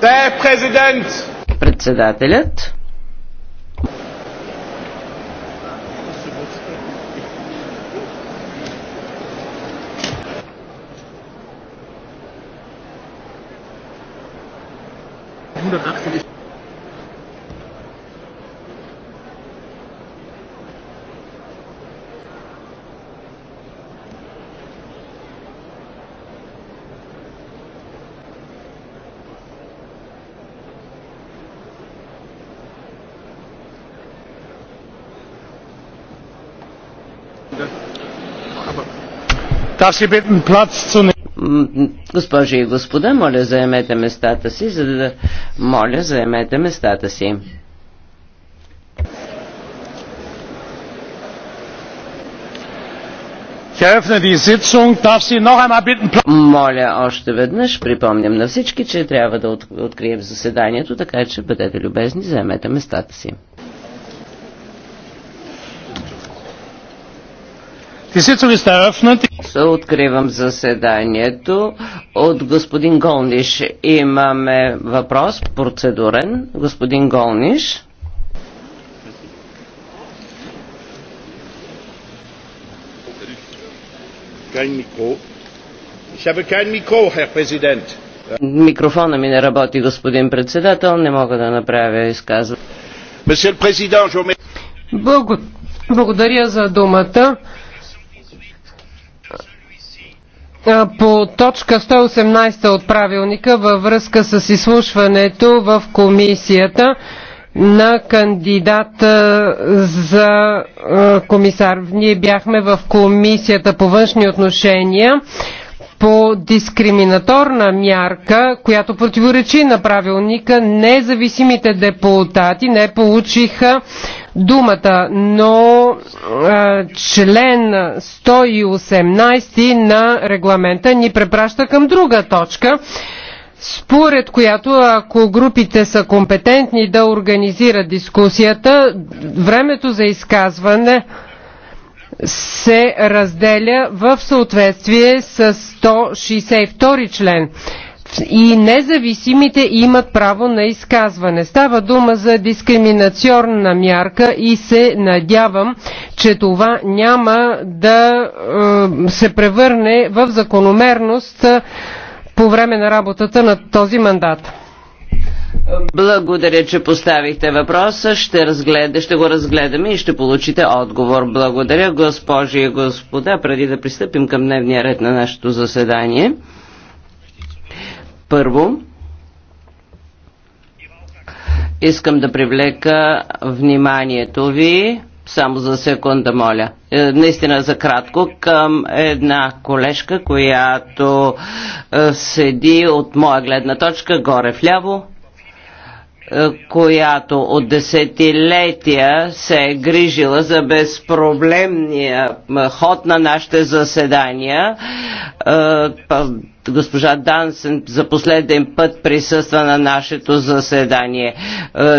Der Präsident. Председателят. Hundert Госпожи и господа, моля заемете местата си, за да... Моля заемете местата си. Моля още веднъж, припомням на всички, че трябва да открием заседанието, така че бъдете любезни, заемете местата си. Die Sitzung ist eröffnet. Откривам заседанието. От господин Голниш имаме въпрос, процедурен. Господин Голниш. Микрофона ми не работи, господин председател. Не мога да направя изказване. Благодаря за думата по точка 118 от правилника във връзка с изслушването в комисията на кандидата за комисар. Ние бяхме в комисията по външни отношения по дискриминаторна мярка, която противоречи на правилника, независимите депутати не получиха думата, но член 118 на регламента ни препраща към друга точка според която ако групите са компетентни да организират дискусията, времето за изказване се разделя в съответствие с 162 член и независимите имат право на изказване. Става дума за дискриминационна мярка и се надявам, че това няма да е, се превърне в закономерност е, по време на работата на този мандат. Благодаря, че поставихте въпроса. Ще, разгледа, ще го разгледаме и ще получите отговор. Благодаря, госпожи и господа. Преди да пристъпим към дневния ред на нашето заседание, първо, искам да привлека вниманието ви, само за секунда, моля, е, наистина за кратко, към една колежка, която е, седи от моя гледна точка горе вляво е, която от десетилетия се е грижила за безпроблемния е, ход на нашите заседания. Е, госпожа Дансен за последен път присъства на нашето заседание.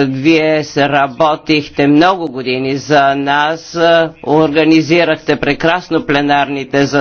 Вие се работихте много години за нас, организирахте прекрасно пленарните заседания